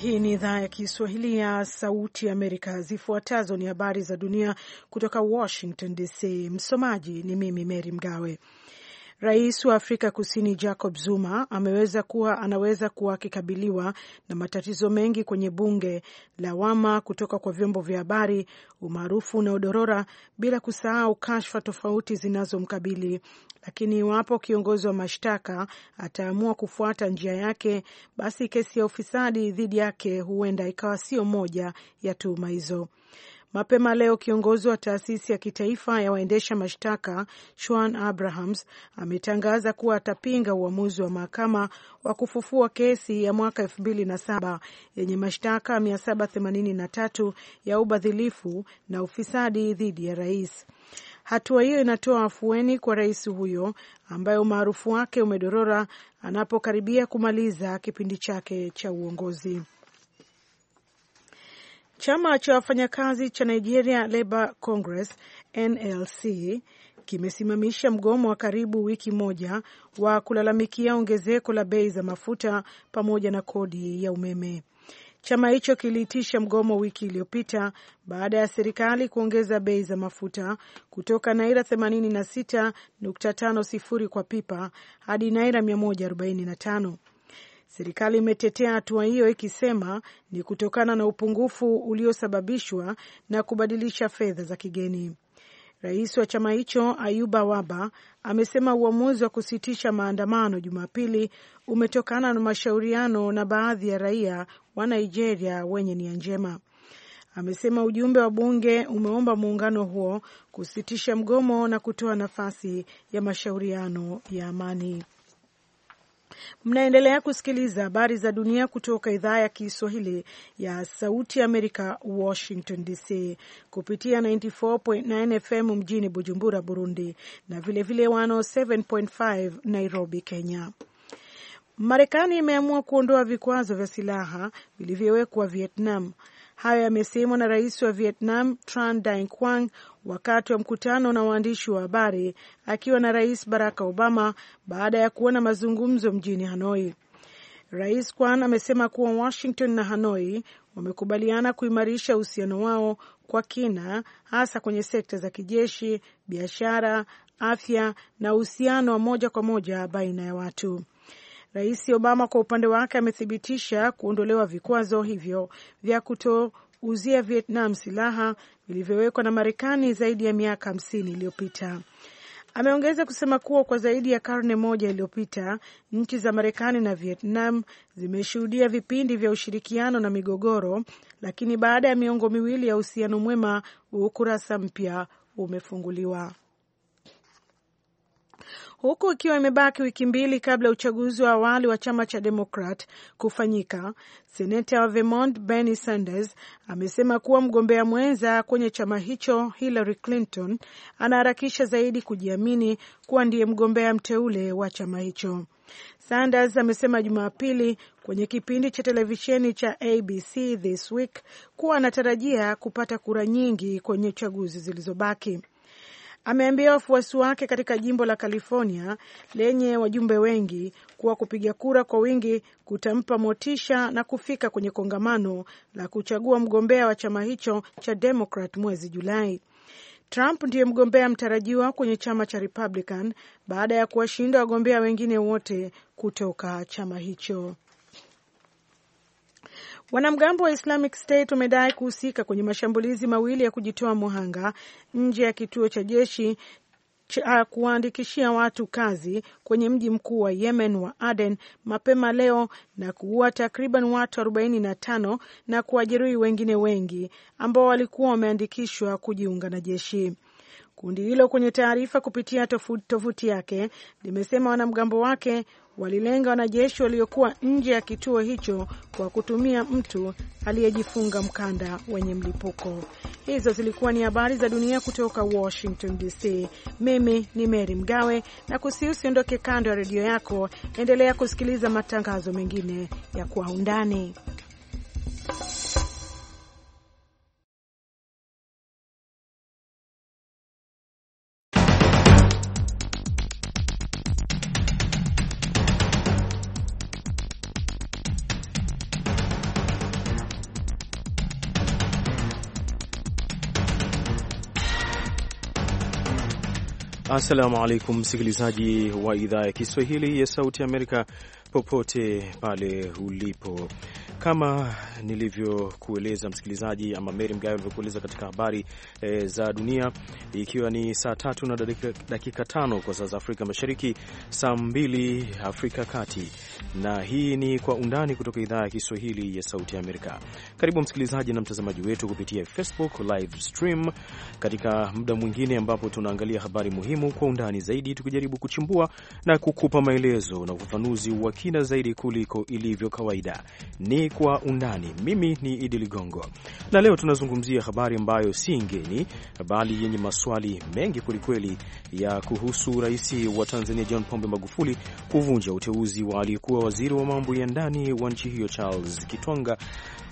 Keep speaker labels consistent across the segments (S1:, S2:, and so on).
S1: Hii ni idhaa ya Kiswahili ya Sauti ya Amerika. Zifuatazo ni habari za dunia kutoka Washington DC. Msomaji ni mimi Mary Mgawe. Rais wa Afrika Kusini Jacob Zuma ameweza kuwa anaweza kuwa akikabiliwa na matatizo mengi kwenye bunge, lawama kutoka kwa vyombo vya habari, umaarufu na udorora, bila kusahau kashfa tofauti zinazomkabili. Lakini iwapo kiongozi wa mashtaka ataamua kufuata njia yake, basi kesi ya ufisadi dhidi yake huenda ikawa sio moja ya tuhuma hizo. Mapema leo kiongozi wa taasisi ya kitaifa ya waendesha mashtaka Shwan Abrahams ametangaza kuwa atapinga uamuzi wa mahakama wa kufufua kesi ya mwaka elfu mbili na saba yenye mashtaka tatu ya ubadhilifu na ufisadi dhidi ya rais. Hatua hiyo inatoa afueni kwa rais huyo ambaye umaarufu wake umedorora anapokaribia kumaliza kipindi chake cha uongozi. Chama cha wafanyakazi cha Nigeria Labour Congress NLC kimesimamisha mgomo wa karibu wiki moja wa kulalamikia ongezeko la bei za mafuta pamoja na kodi ya umeme. Chama hicho kiliitisha mgomo wiki iliyopita baada ya serikali kuongeza bei za mafuta kutoka naira 86.50 kwa pipa hadi naira 145 Serikali imetetea hatua hiyo ikisema ni kutokana na upungufu uliosababishwa na kubadilisha fedha za kigeni. Rais wa chama hicho Ayuba Waba amesema uamuzi wa kusitisha maandamano Jumapili umetokana na mashauriano na baadhi ya raia wa Nigeria wenye nia njema. Amesema ujumbe wa bunge umeomba muungano huo kusitisha mgomo na kutoa nafasi ya mashauriano ya amani. Mnaendelea kusikiliza habari za dunia kutoka idhaa ya Kiswahili ya Sauti ya Amerika, Washington DC, kupitia 94.9 FM mjini Bujumbura, Burundi, na vilevile 107.5 Nairobi, Kenya. Marekani imeamua kuondoa vikwazo vya silaha vilivyowekwa Vietnam. Hayo yamesemwa na rais wa Vietnam Tran Dai Quang wakati wa mkutano na waandishi wa habari akiwa na Rais Barack Obama baada ya kuona mazungumzo mjini Hanoi. Rais Kwan amesema kuwa Washington na Hanoi wamekubaliana kuimarisha uhusiano wao kwa kina, hasa kwenye sekta za kijeshi, biashara, afya na uhusiano wa moja kwa moja baina ya watu. Rais Obama kwa upande wake amethibitisha kuondolewa vikwazo hivyo vya kutouzia Vietnam silaha vilivyowekwa na Marekani zaidi ya miaka hamsini iliyopita. Ameongeza kusema kuwa kwa zaidi ya karne moja iliyopita nchi za Marekani na Vietnam zimeshuhudia vipindi vya ushirikiano na migogoro, lakini baada ya miongo miwili ya uhusiano mwema, ukurasa mpya umefunguliwa huku ikiwa imebaki wiki mbili kabla ya uchaguzi wa awali wa chama cha Demokrat kufanyika. Seneta wa Vermont Bernie Sanders amesema kuwa mgombea mwenza kwenye chama hicho Hillary Clinton anaharakisha zaidi kujiamini kuwa ndiye mgombea mteule wa chama hicho. Sanders amesema Jumapili kwenye kipindi cha televisheni cha ABC This Week kuwa anatarajia kupata kura nyingi kwenye chaguzi zilizobaki ameambia wafuasi wake katika jimbo la California lenye wajumbe wengi kuwa kupiga kura kwa wingi kutampa motisha na kufika kwenye kongamano la kuchagua mgombea wa chama hicho cha Democrat mwezi Julai. Trump ndiye mgombea mtarajiwa kwenye chama cha Republican baada ya kuwashinda wagombea wengine wote kutoka chama hicho. Wanamgambo wa Islamic State wamedai kuhusika kwenye mashambulizi mawili ya kujitoa muhanga nje ya kituo cha jeshi cha kuwaandikishia watu kazi kwenye mji mkuu wa Yemen wa Aden mapema leo na kuua takriban watu 45 na kuwajeruhi wengine wengi ambao walikuwa wameandikishwa kujiunga na jeshi. Kundi hilo kwenye taarifa kupitia tovuti yake limesema wanamgambo wake walilenga wanajeshi waliokuwa nje ya kituo hicho kwa kutumia mtu aliyejifunga mkanda wenye mlipuko. Hizo zilikuwa ni habari za dunia kutoka Washington DC. Mimi ni Mary Mgawe na kusiusiondoke usiondoke kando ya redio yako, endelea kusikiliza matangazo mengine ya Kwa Undani.
S2: Assalamu alaikum msikilizaji wa idhaa ya Kiswahili ya Sauti Amerika popote pale ulipo. Kama nilivyokueleza msikilizaji, ama Meri Mgawe alivyokueleza katika habari e, za dunia, ikiwa ni saa tatu na dakika, dakika tano kwa saa za Afrika Mashariki, saa mbili Afrika Kati, na hii ni Kwa Undani kutoka idhaa ya Kiswahili ya Sauti ya Amerika. Karibu msikilizaji na mtazamaji wetu kupitia Facebook live stream katika muda mwingine ambapo tunaangalia habari muhimu kwa undani zaidi, tukijaribu kuchimbua na kukupa maelezo na ufafanuzi wa kina zaidi kuliko ilivyo kawaida. Ni kwa undani. Mimi ni Idi Ligongo, na leo tunazungumzia habari ambayo si ngeni, bali yenye maswali mengi kwelikweli, ya kuhusu rais wa Tanzania John Pombe Magufuli kuvunja uteuzi wa aliyekuwa waziri wa mambo ya ndani wa nchi hiyo Charles Kitwanga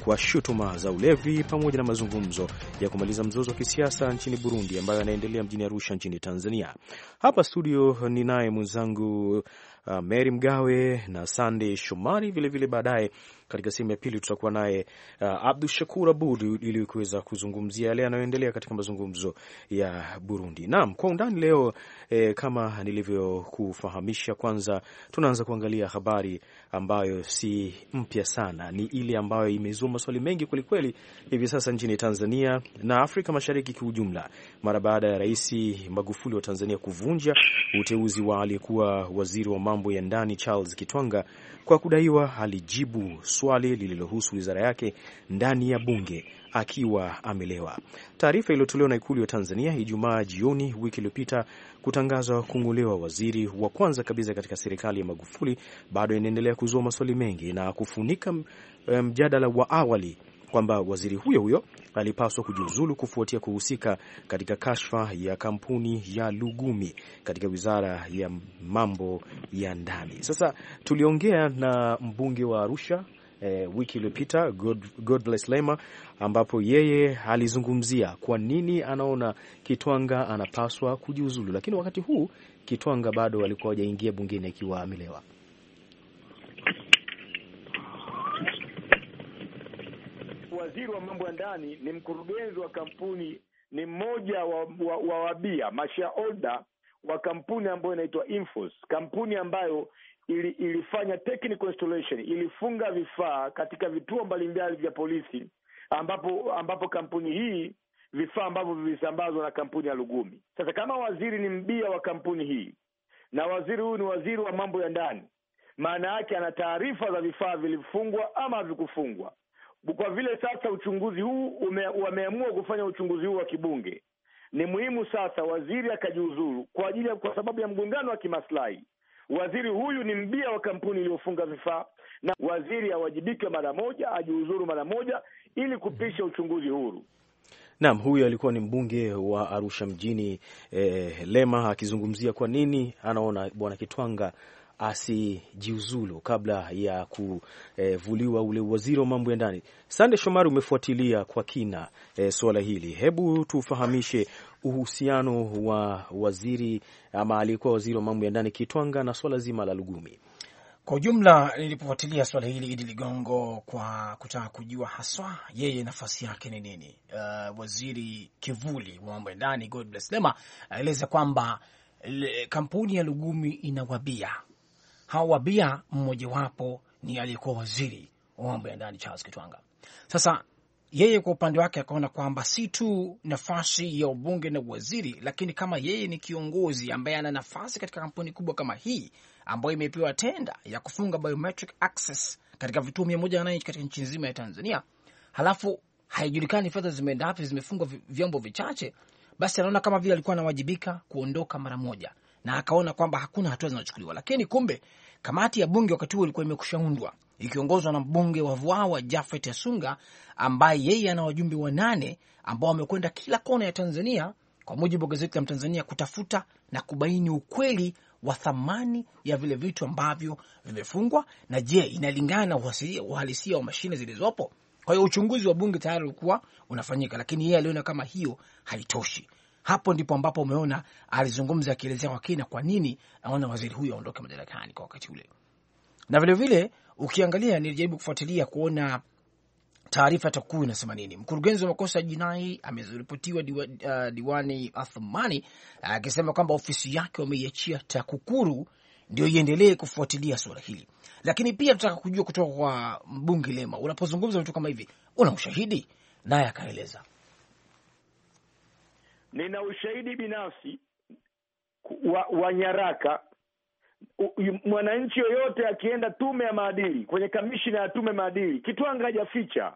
S2: kwa shutuma za ulevi pamoja na mazungumzo ya kumaliza mzozo wa kisiasa nchini Burundi ambayo yanaendelea mjini Arusha nchini Tanzania. Hapa studio ninaye mwenzangu Uh, Mary Mgawe na Sandey Shomari vilevile baadaye katika sehemu ya pili tutakuwa naye uh, Abdu Shakur Abud ili kuweza kuzungumzia yale yanayoendelea katika mazungumzo ya Burundi. Naam, kwa undani leo eh, kama nilivyokufahamisha, kwanza tunaanza kuangalia habari ambayo si mpya sana, ni ile ambayo imezua maswali mengi kwelikweli hivi sasa nchini Tanzania na Afrika Mashariki kiujumla, mara baada ya Rais Magufuli wa Tanzania kuvunja uteuzi wa aliyekuwa waziri wa mambo ya ndani Charles Kitwanga kwa kudaiwa alijibu swali lililohusu wizara yake ndani ya bunge akiwa amelewa. Taarifa iliyotolewa na ikulu ya Tanzania Ijumaa jioni wiki iliyopita kutangaza kung'olewa waziri wa kwanza kabisa katika serikali ya Magufuli bado inaendelea kuzua maswali mengi na kufunika eh, mjadala wa awali kwamba waziri huyo huyo alipaswa kujiuzulu kufuatia kuhusika katika kashfa ya kampuni ya Lugumi katika wizara ya mambo ya ndani. Sasa tuliongea na mbunge wa Arusha eh, wiki iliyopita God, Godbless Lema ambapo yeye alizungumzia kwa nini anaona Kitwanga anapaswa kujiuzulu, lakini wakati huu Kitwanga bado alikuwa hajaingia bungeni akiwa amelewa.
S3: Waziri wa mambo ya ndani ni mkurugenzi wa kampuni, ni mmoja wa, wa, wa wabia mashaoda wa kampuni ambayo inaitwa Infos, kampuni ambayo ili, ilifanya technical installation, ilifunga vifaa katika vituo mbalimbali vya polisi ambapo ambapo kampuni hii vifaa ambavyo vilisambazwa na kampuni ya Lugumi. Sasa kama waziri ni mbia wa kampuni hii na waziri huyu ni waziri wa mambo ya ndani, maana yake ana taarifa za vifaa vilifungwa ama havikufungwa. Kwa vile sasa uchunguzi huu ume, wameamua kufanya uchunguzi huu wa kibunge, ni muhimu sasa waziri akajiuzuru kwa ajili ya, kwa sababu ya mgongano wa kimaslahi Waziri huyu ni mbia wa kampuni iliyofunga vifaa, na waziri awajibike mara moja, ajiuzuru mara moja, ili kupisha uchunguzi huru.
S2: Naam, huyu alikuwa ni mbunge wa Arusha mjini eh, Lema akizungumzia kwa nini anaona bwana Kitwanga asijiuzulu kabla ya kuvuliwa ule waziri wa mambo ya ndani. Sande Shomari, umefuatilia kwa kina eh, suala hili, hebu tufahamishe uhusiano wa waziri ama aliyekuwa waziri wa mambo ya ndani Kitwanga na swala zima la Lugumi.
S4: Kwa ujumla nilipofuatilia swala hili Idi Ligongo, kwa kutaka kujua haswa yeye nafasi yake ni nini, uh, waziri kivuli wa mambo ya ndani Godbless Lema aeleza kwamba kampuni ya Lugumi ina wabia. hawa wabia mmojawapo ni aliyekuwa waziri wa mambo ya ndani Charles Kitwanga. Sasa yeye kwa upande wake akaona kwamba si tu nafasi ya ubunge na uwaziri, lakini kama yeye ni kiongozi ambaye ana nafasi katika kampuni kubwa kama hii ambayo imepewa tenda ya kufunga biometric access katika vituo mia moja na nane katika nchi nzima ya Tanzania, halafu haijulikani fedha zimeenda wapi, zimefungwa vyombo vichache, basi anaona kama vile alikuwa anawajibika kuondoka mara moja, na akaona kwamba hakuna hatua zinachukuliwa. Lakini kumbe kamati ya bunge wakati huo ilikuwa imekushaundwa ikiongozwa na mbunge wa Vwawa Jafet Asunga ambaye yeye ana wajumbe wanane ambao wamekwenda kila kona ya Tanzania kwa mujibu wa gazeti la Mtanzania kutafuta na kubaini ukweli wa thamani ya vile vitu ambavyo vimefungwa na je, inalingana na uhalisia wa mashine zilizopo. Kwa hiyo uchunguzi wa bunge tayari ulikuwa unafanyika, lakini yeye aliona kama hiyo haitoshi. Hapo ndipo ambapo umeona alizungumza akielezea kwa kina kwa nini aona waziri huyo aondoke madarakani kwa wakati ule, na vilevile ukiangalia, nilijaribu kufuatilia kuona taarifa takuu inasema nini. Mkurugenzi wa makosa ya jinai ameripotiwa diwa, uh, diwani Athmani uh, akisema uh, kwamba ofisi yake wameiachia TAKUKURU ndio iendelee kufuatilia suala hili, lakini pia tunataka kujua kutoka kwa mbunge Lema, unapozungumza vitu kama hivi, una ushahidi? Naye akaeleza,
S3: nina ushahidi binafsi wa, wa nyaraka mwananchi yoyote akienda tume ya maadili, kwenye kamishina ya tume maadili, Kitwanga hajaficha.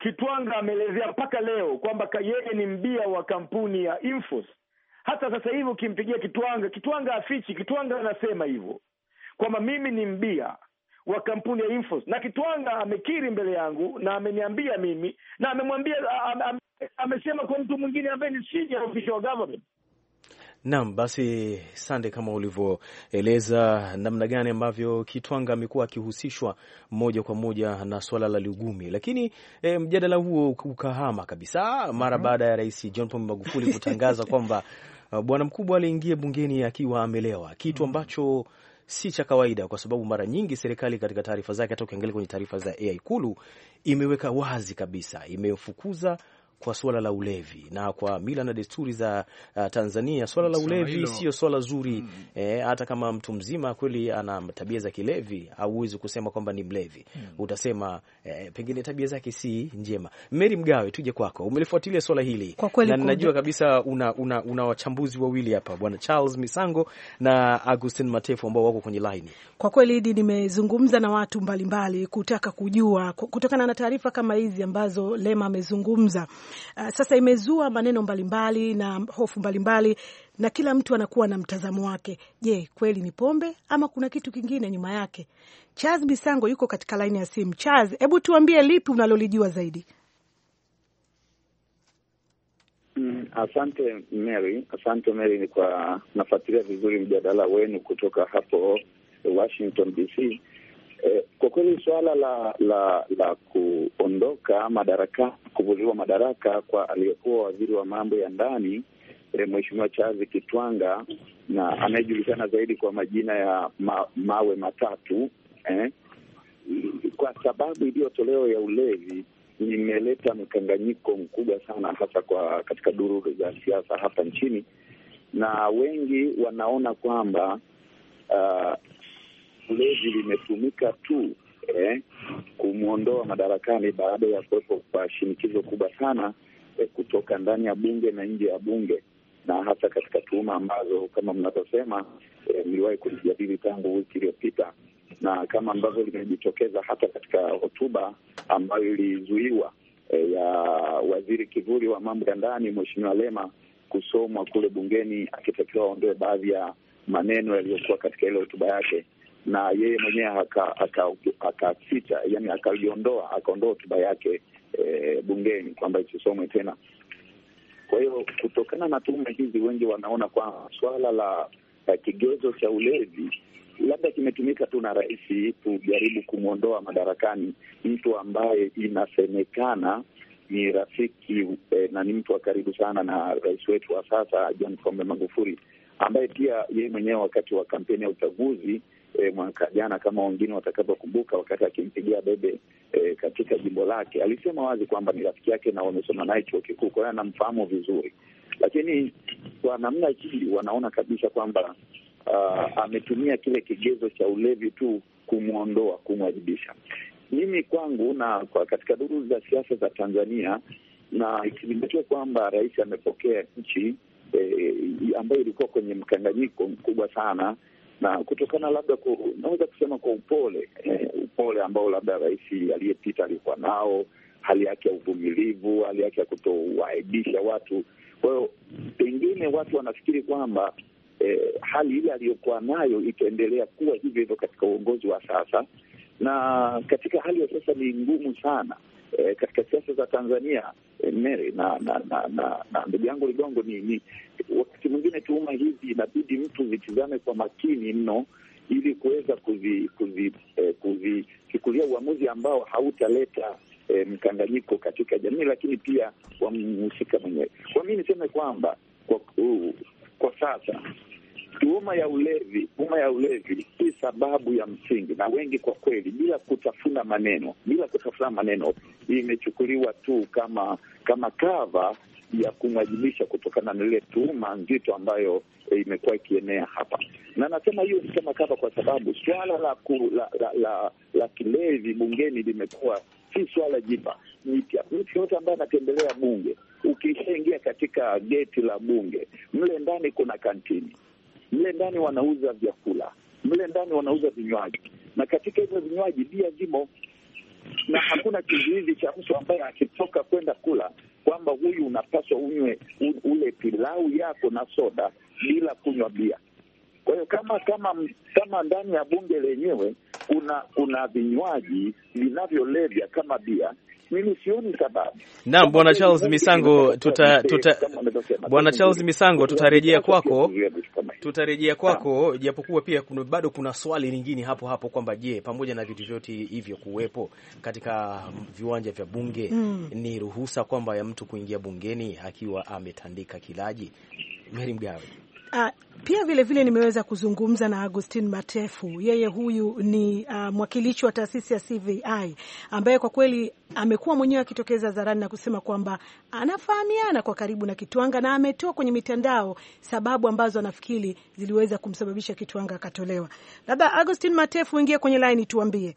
S3: Kitwanga ameelezea mpaka leo kwamba yeye ni mbia wa kampuni ya Infos. Hata sasa hivi ukimpigia Kitwanga, Kitwanga afichi. Kitwanga anasema hivyo kwamba mimi ni mbia wa kampuni ya Infos, na Kitwanga amekiri mbele yangu na ameniambia mimi na amemwambia amesema kwa mtu mwingine ambaye ni senior official government
S2: Naam, basi Sande, kama ulivyoeleza namna gani ambavyo Kitwanga amekuwa akihusishwa moja kwa moja na swala la Lugumi, lakini e, mjadala huo ukahama kabisa mara mm-hmm. baada ya Rais John Pombe Magufuli kutangaza kwamba uh, bwana mkubwa aliingia bungeni akiwa amelewa, kitu mm-hmm. ambacho si cha kawaida, kwa sababu mara nyingi serikali katika taarifa zake, hata ukiangalia kwenye taarifa za Ikulu, imeweka wazi kabisa, imefukuza kwa swala la ulevi na kwa mila na desturi za uh, Tanzania swala la ulevi sio swala zuri mm. E, hata kama mtu mzima kweli ana tabia za kilevi, hauwezi kusema kwamba ni mlevi mm. Utasema e, pengine tabia zake si njema. Mary Mgawe, tuje kwako, umelifuatilia swala hili kwa na ninajua kabisa una, una, una wachambuzi wawili hapa,
S1: bwana Charles Misango na Agustin Matefu ambao wako kwenye laini. Kwa kweli hidi, nimezungumza na watu mbalimbali mbali, kutaka kujua kutokana na taarifa kama hizi ambazo Lema amezungumza Uh, sasa imezua maneno mbalimbali na hofu mbalimbali na kila mtu anakuwa na mtazamo wake. Je, kweli ni pombe ama kuna kitu kingine nyuma yake? Charles Bisango yuko katika laini ya simu. Charles, hebu tuambie lipi unalolijua zaidi?
S5: Mm, asante Mary, asante Mary. Ni kwa nafuatilia vizuri mjadala wenu kutoka hapo Washington DC E, kwa kweli suala la la la kuondoka madaraka, kuvuliwa madaraka kwa aliyekuwa waziri wa mambo ya ndani e, Mheshimiwa Charles Kitwanga na anayejulikana zaidi kwa majina ya ma, mawe matatu eh, kwa sababu iliyotolewa ya ulevi imeleta mkanganyiko mkubwa sana hasa kwa katika duru za siasa hapa nchini, na wengi wanaona kwamba uh, kulevya limetumika tu eh, kumwondoa madarakani baada ya kuwepo kwa shinikizo kubwa sana eh, kutoka ndani ya bunge na nje ya bunge na hasa katika tuhuma ambazo kama mnavyosema eh, mliwahi eh, kulijadili tangu wiki iliyopita, na kama ambavyo limejitokeza hata katika hotuba ambayo ilizuiwa eh, ya waziri kivuli wa mambo ya ndani Mheshimiwa Lema kusomwa kule bungeni, akitakiwa aondoe baadhi ya maneno yaliyokuwa katika ile hotuba yake na yeye mwenyewe akaficha, yani akaliondoa, akaondoa hotuba yake e, bungeni kwamba isisomwe tena. Kwa hiyo kutokana na tume hizi, wengi wanaona kwamba swala la kigezo cha ulevi labda kimetumika tu na rais kujaribu kumwondoa madarakani mtu ambaye inasemekana ni rafiki eh, na ni mtu wa karibu sana na rais wetu wa sasa John Pombe Magufuli, ambaye pia yeye mwenyewe wakati wa kampeni ya uchaguzi e, mwaka jana, kama wengine watakavyokumbuka, wakati akimpigia debe e, eh, katika jimbo lake, alisema wazi kwamba ni rafiki yake na wamesoma naye chuo kikuu, kwa hiyo anamfahamu vizuri, lakini kwa namna hii wanaona kabisa kwamba Uh, ametumia kile kigezo cha ulevi tu kumwondoa, kumwajibisha. Mimi kwangu na kwa katika duru za siasa za Tanzania, na ikizingatiwa kwamba rais amepokea nchi eh, ambayo ilikuwa kwenye mkanganyiko mkubwa sana na kutokana labda ku, naweza kusema kwa upole eh, upole ambao labda rais aliyepita alikuwa nao, hali yake ya uvumilivu, hali yake ya kutowaibisha watu. Kwa hiyo pengine watu wanafikiri kwamba eh, hali ile aliyokuwa nayo itaendelea kuwa hivyo hivyo katika uongozi wa sasa, na katika hali ya sasa ni ngumu sana e, katika siasa za Tanzania e, Mary na na na, na, na ndugu yangu Ligongo, ni, ni wakati mwingine tuhuma hizi inabidi mtu zitizame kwa makini mno ili kuweza kuzichukulia kuzi, eh, kuzi, uamuzi ambao hautaleta eh, mkanganyiko katika jamii, lakini pia wamhusika mwenyewe. Kwa mi niseme kwamba kwa, uh, kwa sasa Tuhuma ya ulevi, tuhuma ya ulevi si sababu ya msingi, na wengi kwa kweli, bila kutafuna maneno, bila kutafuna maneno, imechukuliwa tu kama kama kava ya kumwajibisha kutokana na ile tuhuma nzito ambayo e, imekuwa ikienea hapa, na nasema hiyo ni kama kava kwa sababu swala la, ku, la, la, la, la kilevi bungeni limekuwa si swala jipa. Mtu yoyote ambaye anatembelea bunge, ukishaingia katika geti la bunge, mle ndani kuna kantini mle ndani wanauza vyakula, mle ndani wanauza vinywaji, na katika hivyo vinywaji bia zimo, na hakuna kizuizi cha mtu ambaye akitoka kwenda kula kwamba huyu unapaswa unywe ule pilau yako na soda bila kunywa bia. Kwa hiyo kama kama kama ndani ya bunge lenyewe kuna kuna vinywaji vinavyolevya kama bia mimi sioni
S2: Naam, Bwana Charles Misango, tuta, tuta, Bwana Charles Misango, tutarejea kwako, tutarejea kwako, japokuwa pia kuna, bado kuna swali lingine hapo hapo kwamba je, pamoja na vitu vyote hivyo kuwepo katika viwanja vya bunge mm, ni ruhusa kwamba ya mtu kuingia bungeni akiwa ametandika kilaji? Meri Mgawe.
S1: Uh, pia vile vile nimeweza kuzungumza na Agustin Matefu. Yeye huyu ni uh, mwakilishi wa taasisi ya CVI ambaye kwa kweli amekuwa mwenyewe akitokeza hadharani na kusema kwamba anafahamiana kwa karibu na Kitwanga na ametoa kwenye mitandao sababu ambazo anafikiri ziliweza kumsababisha Kitwanga akatolewa. Labda Agustin Matefu, ingie kwenye laini tuambie.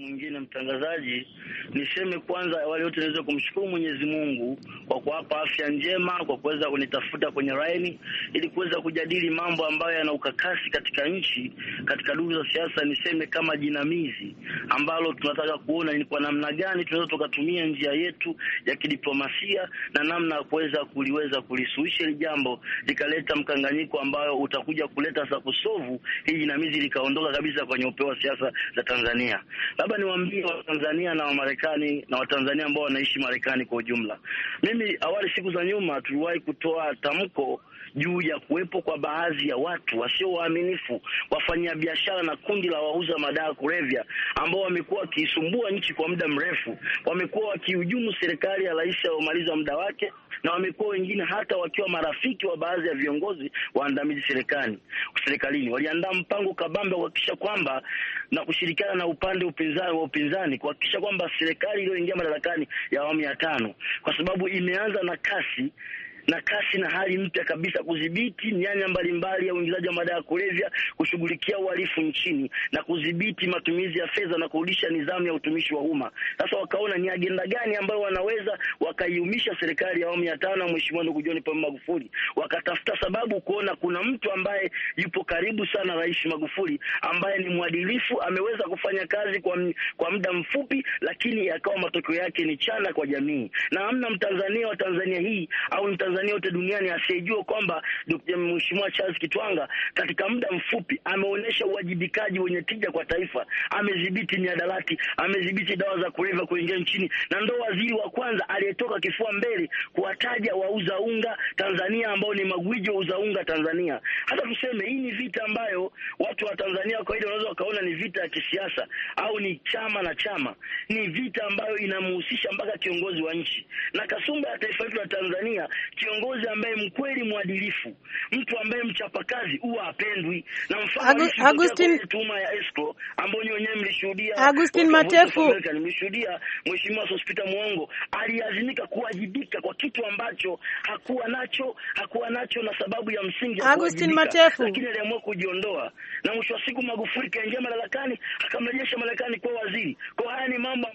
S6: mwingine mtangazaji, niseme kwanza, awali yote naweza kumshukuru Mwenyezi Mungu kwa kuwapa afya njema, kwa kuweza kunitafuta kwenye laini ili kuweza kujadili mambo ambayo yana ukakasi katika nchi, katika duru za siasa, niseme kama jinamizi ambalo tunataka kuona ni kwa namna gani tunaweza tukatumia njia yetu ya kidiplomasia na namna ya kuweza kuliweza kulisuhisha hili jambo likaleta mkanganyiko ambayo utakuja kuleta sakusovu hii jinamizi likaondoka kabisa kwenye upeo wa siasa za Tanzania labda niwaambie Watanzania na Wamarekani na Watanzania ambao wanaishi Marekani kwa ujumla. Mimi awali, siku za nyuma, tuliwahi kutoa tamko juu ya kuwepo kwa baadhi ya watu wasio waaminifu, wafanyabiashara na kundi la wauza madawa kulevya ambao wamekuwa wakiisumbua nchi kwa muda mrefu, wamekuwa wakihujumu serikali ya rais aliyomaliza muda wake, na wamekuwa wengine hata wakiwa marafiki wa baadhi ya viongozi waandamizi serikali serikalini. Waliandaa mpango kabambe kuhakikisha kwamba na kushirikiana na upande upinzani wa upinzani kuhakikisha kwamba serikali iliyoingia madarakani ya awamu ya tano, kwa sababu imeanza na kasi na kasi na hali mpya kabisa kudhibiti mianya mbalimbali ya uingizaji wa madawa ya kulevya, kushughulikia uhalifu nchini na kudhibiti matumizi ya fedha na kurudisha nidhamu ya utumishi wa umma. Sasa wakaona ni agenda gani ambayo wanaweza wakaiumisha serikali ya awamu ya tano ya Mheshimiwa ndugu John Pombe Magufuli, wakatafuta sababu kuona kuna mtu ambaye yupo karibu sana Rais Magufuli ambaye ni mwadilifu, ameweza kufanya kazi kwa, kwa muda mfupi, lakini yakawa matokeo yake ni chana kwa jamii na hamna Mtanzania wa Tanzania hii au Mtanzania Mtanzania yote duniani asiyejua kwamba Mheshimiwa Charles Kitwanga katika muda mfupi ameonyesha uwajibikaji wenye tija kwa taifa. Amedhibiti miadarati amedhibiti dawa za kulevya kuingia nchini, na ndo waziri wa kwanza aliyetoka kifua mbele kuwataja wauza unga Tanzania ambao ni magwiji wauza unga Tanzania. Hata tuseme hii ni vita ambayo watu wa Tanzania kwa ile wanaweza wakaona ni vita ya kisiasa au ni chama na chama. Ni vita ambayo inamhusisha mpaka kiongozi wa nchi na kasumba ya taifa letu la Tanzania kiongozi ambaye mkweli, mwadilifu, mtu ambaye mchapakazi huwa apendwi. Na mfano Agustin tuma ya Esco ambayo wenyewe mlishuhudia, Agustin Matefu nimeshuhudia, mheshimiwa Sospita Muongo aliazimika kuwajibika kwa kitu ambacho hakuwa nacho, hakuwa nacho na sababu ya msingi Agustin Matefu, lakini aliamua kujiondoa, na mwisho wa siku Magufuli kaingia madarakani, akamrejesha
S1: madarakani kwa waziri. Kwa haya ni mambo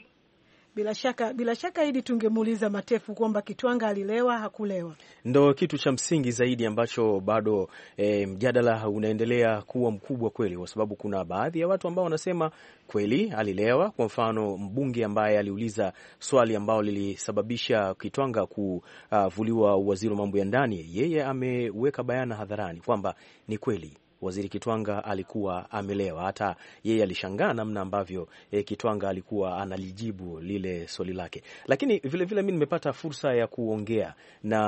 S1: bila shaka, bila shaka hidi tungemuuliza Matefu kwamba Kitwanga alilewa hakulewa,
S2: ndo kitu cha msingi zaidi ambacho bado e, mjadala unaendelea kuwa mkubwa kweli, kwa sababu kuna baadhi ya watu ambao wanasema kweli alilewa. Kwa mfano mbunge ambaye aliuliza swali ambalo lilisababisha Kitwanga kuvuliwa uwaziri wa mambo ya ndani, yeye ameweka bayana hadharani kwamba ni kweli Waziri Kitwanga alikuwa amelewa. Hata yeye alishangaa namna ambavyo e, Kitwanga alikuwa analijibu lile swali lake. Lakini vilevile mi nimepata fursa ya kuongea na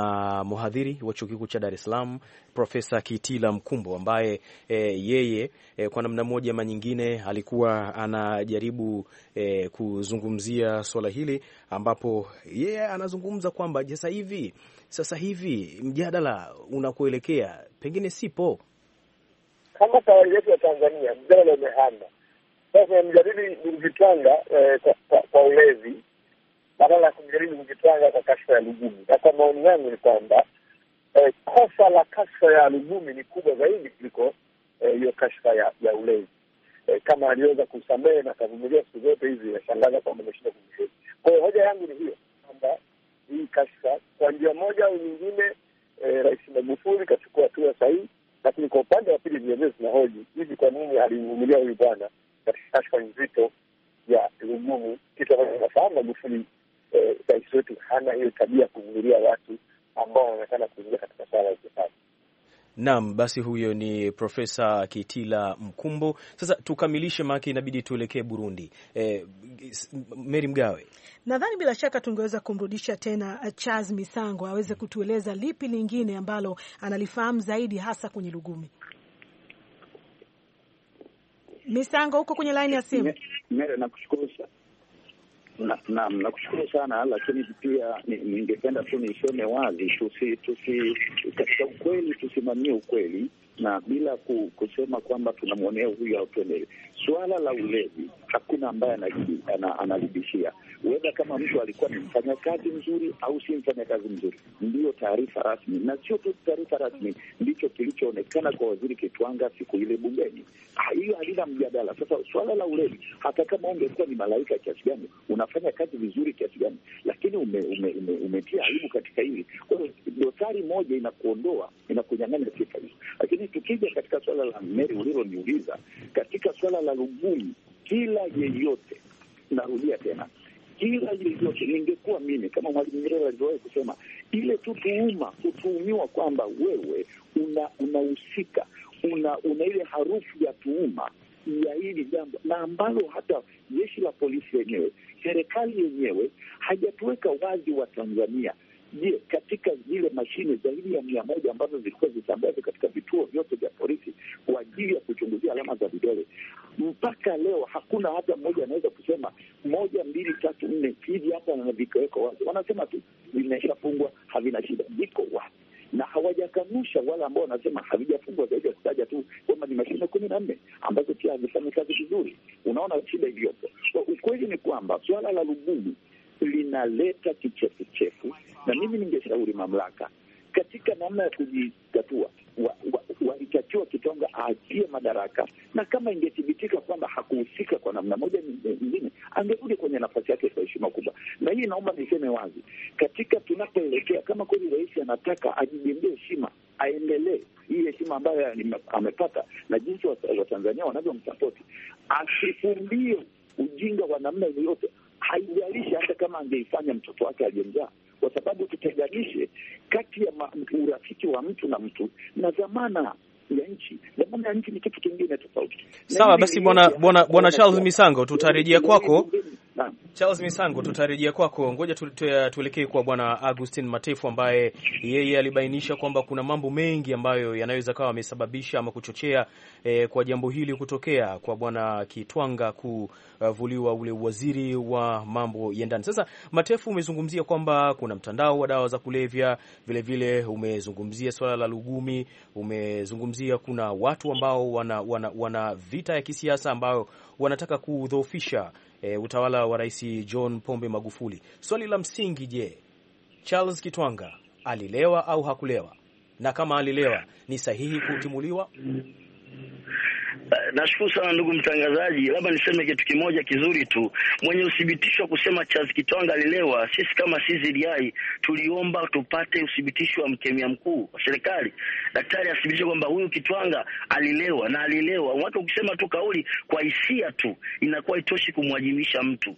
S2: mhadhiri wa chuo kikuu cha Dar es Salaam Profesa Kitila Mkumbo ambaye e, yeye e, kwa namna moja ama nyingine alikuwa anajaribu e, kuzungumzia swala hili ambapo yeye anazungumza kwamba sasa hivi sasa hivi mjadala unakuelekea pengine sipo
S5: kama kawali yetu ya Tanzania, mjadala umehanda sasa, mjadili Mjitwanga eh, kwa ulezi badala ya kumjadili Mjitwanga kwa kashfa ya Lugumi. kwa maoni yangu ni kwamba eh, kosa la kashfa ya Lugumi ni kubwa zaidi kuliko eh, hiyo kashfa ya ulezi. Kama aliweza kusamehe na kavumilia siku zote hizi, inashangaza kwamba ameshinda kuvumilia. Kwa hiyo hoja yangu ni hiyo kwamba hii kashfa kwa njia moja au nyingine, Rais Magufuli kachukua hatua sahihi lakini kwa upande wa pili vilevile zinahoji hivi, kwa nini alimvumilia huyu bwana katika kashfa nzito ya ugumu, kitu ambacho tunafahamu Magufuli eh, rais wetu hana hiyo tabia ya kuvumilia watu ambao wanaonekana kuingia katika swala ya ufisadi.
S2: Naam, basi huyo ni Profesa Kitila Mkumbo. Sasa tukamilishe, maake inabidi tuelekee Burundi. E, eh, Meri Mgawe,
S1: Nadhani bila shaka tungeweza kumrudisha tena eh, Charles Misango aweze kutueleza lipi lingine ambalo analifahamu zaidi hasa kwenye lugumi. Misango, huko kwenye laini ya simu.
S5: Nakushukuru Naam, nakushukuru sana lakini pia ningependa tu niseme wazi, tusi, tusi katika ukweli tusimamie ukweli na bila kusema kwamba tunamwonea huyu au tuendelee. Swala la ulevi hakuna ambaye analibishia, huenda kama mtu alikuwa ni mfanyakazi mzuri au si mfanyakazi mzuri. Ndiyo taarifa rasmi, na sio tu taarifa rasmi, ndicho kilichoonekana kwa waziri Kitwanga siku ile bungeni. Ah, hiyo halina mjadala. Sasa swala la ulevi, hata kama ungekuwa ni malaika kiasi gani, unafanya kazi vizuri kiasi gani, lakini umetia ume, ume, ume aibu katika hili. Kwa hiyo dosari moja inakuondoa, inakunyang'anya sifa hizo. Lakini tukija katika swala la Meri uliloniuliza, katika swala lugumu kila yeyote, narudia tena, kila yeyote, ningekuwa mimi kama Mwalimu Nyerere alivyowahi kusema ile tu tuuma, kutuhumiwa kwamba wewe unahusika, una, una, una ile harufu ya tuuma ya hili jambo na ambalo hata jeshi la polisi lenyewe serikali yenyewe hajatuweka wazi wa Tanzania katika zile mashine zaidi ya mia moja ambazo zilikuwa zisambazwe katika vituo vyote vya polisi kwa ajili ya kuchunguzia alama za vidole. Mpaka leo hakuna hata mmoja anaweza kusema moja, mbili, tatu, nne hivi hapa na vikaweko wazi. Wanasema tu vimeshafungwa, havina shida, viko wazi na hawajakanusha wale ambao wanasema havijafungwa, zaidi ya kutaja tu kwamba ni mashine kumi na nne ambazo pia hazifanyi kazi vizuri. Unaona shida iliyopo. So, ukweli ni kwamba suala la lugumu linaleta kichefuchefu, na mimi ningeshauri mamlaka katika namna ya kujitatua walitakiwa wa, wa Kitonga aachie madaraka, na kama ingethibitika kwamba hakuhusika kwa namna moja nyingine, angerudi kwenye nafasi yake kwa heshima kubwa. Na hii naomba niseme wazi, katika tunapoelekea, kama kweli rais anataka ajijengee heshima, aendelee hii heshima ambayo amepata na jinsi Watanzania wa wanavyomsapoti, asifumbie ujinga wa namna yoyote haijalishi hata kama angeifanya mtoto wake aliyemzaa, kwa sababu tutenganishe kati ya urafiki wa mtu na mtu na dhamana ya
S2: nchi. Dhamana ya nchi ni kitu kingine tofauti. Sawa basi, bwana bwana bwana Charles Misango, tutarejea kwako Charles Misango, tutarejea kwako. Ngoja tuelekee kwa Bwana Agustin Matefu ambaye yeye alibainisha kwamba kuna mambo mengi ambayo yanaweza kawa amesababisha ama kuchochea eh, kwa jambo hili kutokea kwa Bwana Kitwanga kuvuliwa ule waziri wa mambo ya ndani. Sasa Matefu, umezungumzia kwamba kuna mtandao wa dawa za kulevya, vilevile umezungumzia swala la lugumi, umezungumzia kuna watu ambao wana, wana, wana vita ya kisiasa ambayo wanataka kudhoofisha e, utawala wa Rais John Pombe Magufuli. Swali la msingi, je, Charles Kitwanga alilewa au hakulewa? Na kama alilewa, ni sahihi
S6: kutimuliwa? Eh, nashukuru sana ndugu mtangazaji, labda niseme kitu kimoja kizuri tu. Mwenye uthibitisho wa kusema Charles Kitwanga alilewa, sisi kama CCDI tuliomba tupate uthibitisho wa mkemia mkuu wa serikali, daktari athibitishe kwamba huyu Kitwanga alilewa na alilewa. Watu ukisema tu kauli kwa hisia tu inakuwa itoshi kumwajimisha mtu.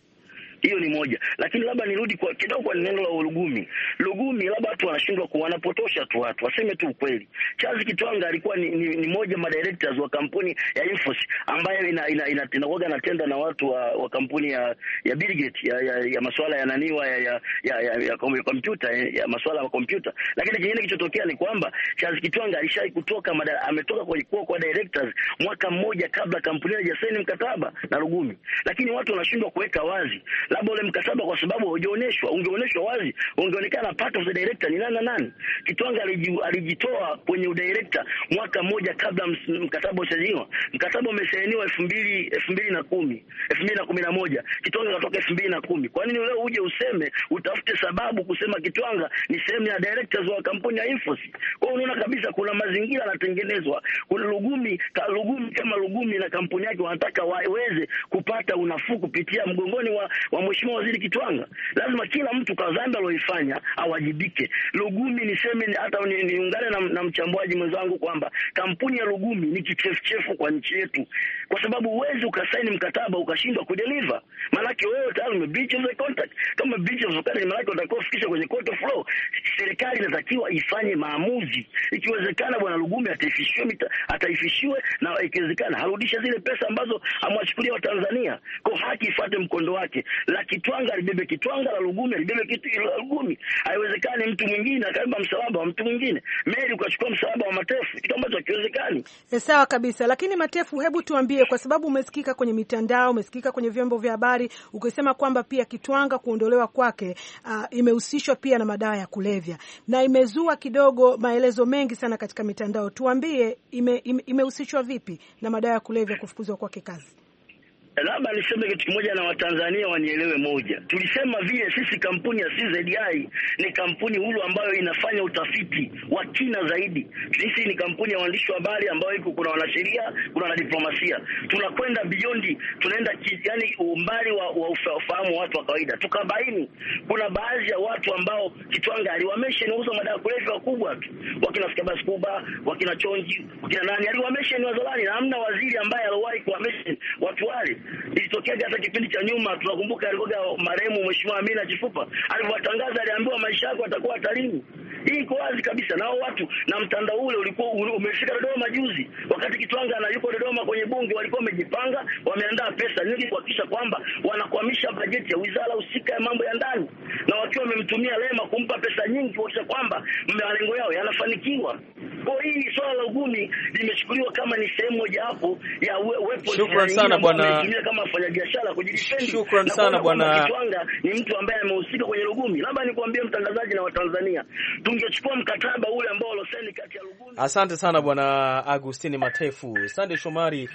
S6: Hiyo ni moja, lakini labda nirudi kwa kidogo kwa neno la lugumi. Lugumi labda watu wanashindwa kuwanapotosha tu, watu waseme tu ukweli. Charles Kitwanga alikuwa ni, ni, ni moja ma directors wa kampuni ya Infos ambayo inakuwa ina, ina, ina inatenda na tenda na watu wa, wa kampuni ya ya Bill Gates ya, ya, ya masuala ya naniwa ya ya ya, ya, ya ya, ya, eh, ya masuala ya kompyuta. Lakini kingine kilichotokea ni kwamba Charles Kitwanga alishai kutoka madara, ametoka kwa kwa, kwa directors mwaka mmoja kabla kampuni ya jasaini mkataba na Lugumi, lakini watu wanashindwa kuweka wazi labda ule mkataba, kwa sababu hujaonyeshwa. Ungeonyeshwa wazi, ungeonekana part of the director ni nani na nani. Kitwanga alijitoa kwenye udirector mwaka mmoja kabla mkataba ushajiwa. Mkataba umesainiwa elfu mbili elfu mbili na kumi elfu mbili na kumi na moja Kitwanga katoka elfu mbili na kumi Kwa nini leo uje useme utafute sababu kusema Kitwanga ni sehemu ya directors wa kampuni ya Infos? Kwa unaona kabisa kuna mazingira yanatengenezwa, kuna Lugumi ka Lugumi kama Lugumi na kampuni yake wanataka waweze kupata unafuu kupitia mgongoni wa, wa wa mheshimiwa waziri Kitwanga, lazima kila mtu kwa dhambi aliyoifanya awajibike. Lugumi, niseme hata niungane na, na mchambuaji mwenzangu kwamba kampuni ya Lugumi ni kichefuchefu kwa nchi yetu, kwa sababu huwezi ukasaini mkataba ukashindwa kudeliver, maanake wewe tayari ume breach of the contract. Kama breach of the contract, maanake utakuwa kufikisha kwenye court of law. Serikali inatakiwa ifanye maamuzi, ikiwezekana bwana Lugumi ataifishiwe, ataifishiwe na ikiwezekana harudishe zile pesa ambazo amewachukulia Watanzania, kwa haki ifuate mkondo wake la Kitwanga libebe Kitwanga, la Lugumi libebe kitu la Lugumi. Haiwezekani mtu mwingine akabeba msalaba wa mtu mwingine, meli ukachukua msalaba wa Matefu, kitu ambacho hakiwezekani.
S1: Sawa kabisa. Lakini Matefu, hebu tuambie, kwa sababu umesikika kwenye mitandao, umesikika kwenye vyombo vya habari ukisema kwamba pia Kitwanga kuondolewa kwake uh, imehusishwa pia na madawa ya kulevya na imezua kidogo maelezo mengi sana katika mitandao. Tuambie, imehusishwa ime vipi na madawa ya kulevya kufukuzwa kwake kazi?
S6: Eh, labda niseme kitu kimoja na Watanzania wanielewe moja. Tulisema vile sisi kampuni ya CZI ni kampuni huru ambayo inafanya utafiti wa kina zaidi. Sisi ni kampuni ya waandishi wa habari ambayo iko, kuna wanasheria, kuna wanadiplomasia, tunakwenda beyond, tunaenda yani umbali wa, wa ufahamu wa watu wa kawaida. Tukabaini kuna baadhi ya watu ambao Kitwanga aliwamesheni wauza madawa kulevya wakubwa tu, wakina Skabas Kuba, wakina Chonji, wakina nani aliwamesha ni wazalani, na hamna waziri ambaye aliwahi kuwamesha watu wale Ilitokea hata kipindi cha nyuma, tunakumbuka alikoga marehemu Mheshimiwa Amina Chifupa alivyowatangaza aliambiwa maisha yako atakuwa hatarini. Hii iko wazi kabisa nao watu na mtandao ule ulikuwa umefika Dodoma juzi, wakati Kitwanga na yuko Dodoma kwenye bunge, walikuwa wamejipanga, wameandaa pesa nyingi kuhakikisha kwamba wanakwamisha bajeti ya wizara husika ya mambo ya ndani, na wakiwa wamemtumia Lema kumpa pesa nyingi kuhakikisha kwamba malengo yao yanafanikiwa. Kwa hiyo hili swala la uhuni limechukuliwa kama ni sehemu moja hapo ya weapon. Shukrani sana bwana, kama
S2: biashara kujidefend. Shukrani sana bwana
S6: Kitwanga, ni mtu ambaye amehusika kwenye lugumi. Labda nikwambie mtangazaji na Watanzania, tungechukua mkataba ule ambao ulosaini kati ya
S2: lugumi. Asante sana bwana Agustini Matefu. Sande Shomari,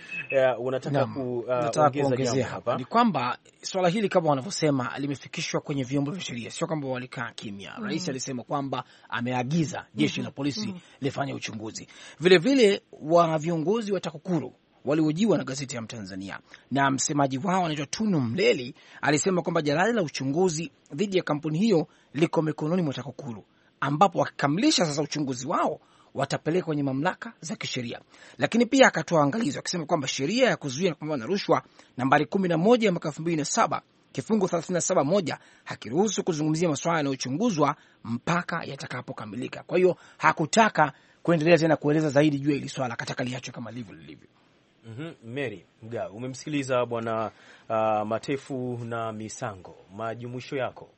S2: uh, unataka ku uh, hapa ni
S4: kwamba swala hili kama wanavyosema limefikishwa kwenye vyombo vya sheria, sio kwamba walikaa kimya. Mm. Rais mm. alisema kwamba ameagiza mm-hmm. jeshi mm. la polisi mm. lifanye kufanya uchunguzi. Vilevile wa viongozi wa TAKUKURU waliojiwa na gazeti ya Mtanzania na msemaji wao anaitwa Tunu Mleli alisema kwamba jalada la uchunguzi dhidi ya kampuni hiyo liko mikononi mwa TAKUKURU, ambapo wakikamilisha sasa uchunguzi wao watapeleka kwenye mamlaka za kisheria. Lakini pia akatoa angalizo akisema kwamba sheria ya kuzuia na kupambana na rushwa nambari 11 ya mwaka 2007 kifungu 371 hakiruhusu kuzungumzia masuala yanayochunguzwa mpaka yatakapokamilika. Kwa hiyo hakutaka kuendelea tena kueleza zaidi juu ya hili swala
S1: katika liacho kama livyo lilivyo.
S2: Mm -hmm. Mary Mga, umemsikiliza bwana uh, Matefu na Misango, majumuisho yako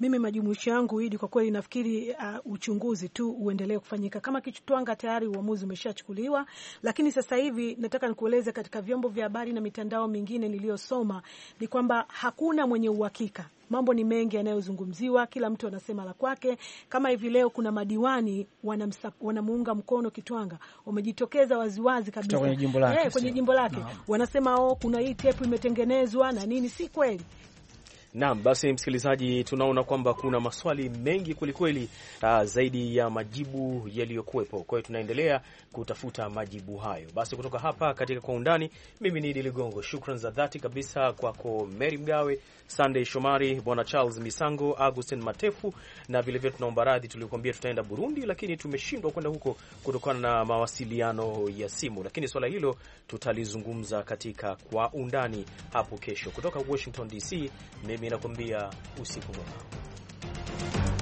S1: mimi majumuisho yangu hidi kwa kweli nafikiri uh, uchunguzi tu uendelee kufanyika. Kama Kitwanga tayari uamuzi umeshachukuliwa, lakini sasa hivi nataka nikueleze katika vyombo vya habari na mitandao mingine niliyosoma ni kwamba hakuna mwenye uhakika Mambo ni mengi yanayozungumziwa, kila mtu anasema la kwake. Kama hivi leo kuna madiwani wanamsa, wanamuunga mkono Kitwanga, wamejitokeza waziwazi kabisa kwenye jimbo lake, eh, kwenye jimbo lake. No. Wanasema oh, kuna hii tepu imetengenezwa na nini, si kweli.
S2: Naam, basi msikilizaji, tunaona kwamba kuna maswali mengi kwelikweli, uh, zaidi ya majibu yaliyokuwepo. Kwa hiyo tunaendelea kutafuta majibu hayo. Basi kutoka hapa katika kwa undani, mimi ni Idi Ligongo. Shukran za dhati kabisa kwako Mary Mgawe, Sunday Shomari, bwana Charles Misango, Augustin Matefu, na vilevile tunaomba radhi, tulikuambia tutaenda Burundi, lakini tumeshindwa kwenda huko kutokana na mawasiliano ya simu, lakini swala hilo tutalizungumza katika kwa undani hapo kesho. Kutoka Washington DC, mimi mimi nakwambia usiku mwema.